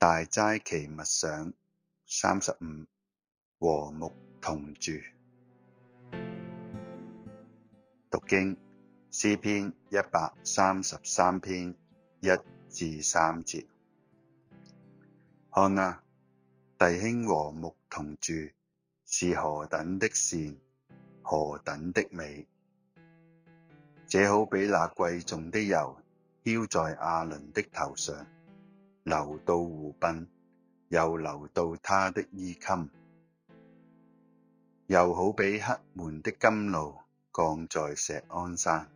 大齋期默想三十五，和睦同住讀經，詩篇一百三十三篇一至三節。看啊，弟兄和睦同住是何等的善，何等的美！這好比那貴重的油，澆在亞倫的頭上。流到湖濱，又流到他的衣襟，又好比黑門的甘露降在錫安山，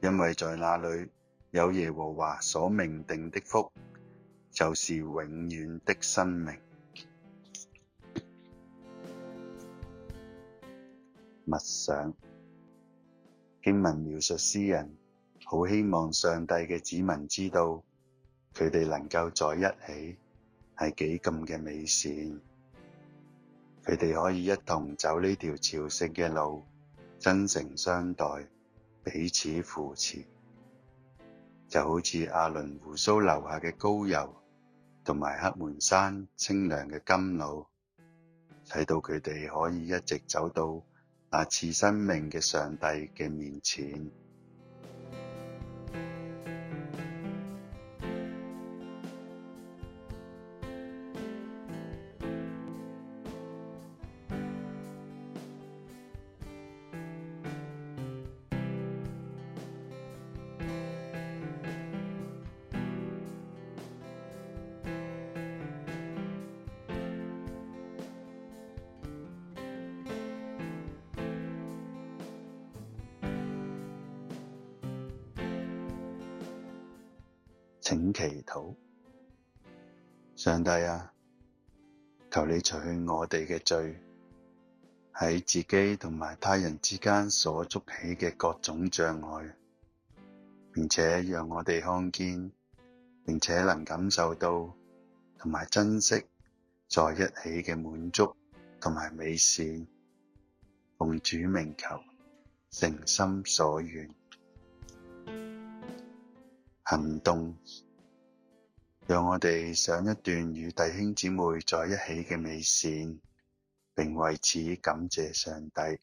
因為在那裏有耶和華所命定的福，就是永遠的生命。默想經文描述詩人好希望上帝嘅子民知道。佢哋能夠在一起係幾咁嘅美善。佢哋可以一同走呢條朝聖嘅路，真誠相待，彼此扶持，就好似亞倫鬍鬚流下嘅膏油，同埋黑門山清涼嘅甘露，睇到佢哋可以一直走到那賜生命嘅上帝嘅面前。請祈禱，上帝啊，求你除去我哋嘅罪，喺自己同埋他人之間所築起嘅各種障礙，並且讓我哋看見，並且能感受到同埋珍惜在一起嘅滿足同埋美善。奉主名求，誠心所願。行動，讓我哋上一段與弟兄姊妹在一起嘅美善，並為此感謝上帝。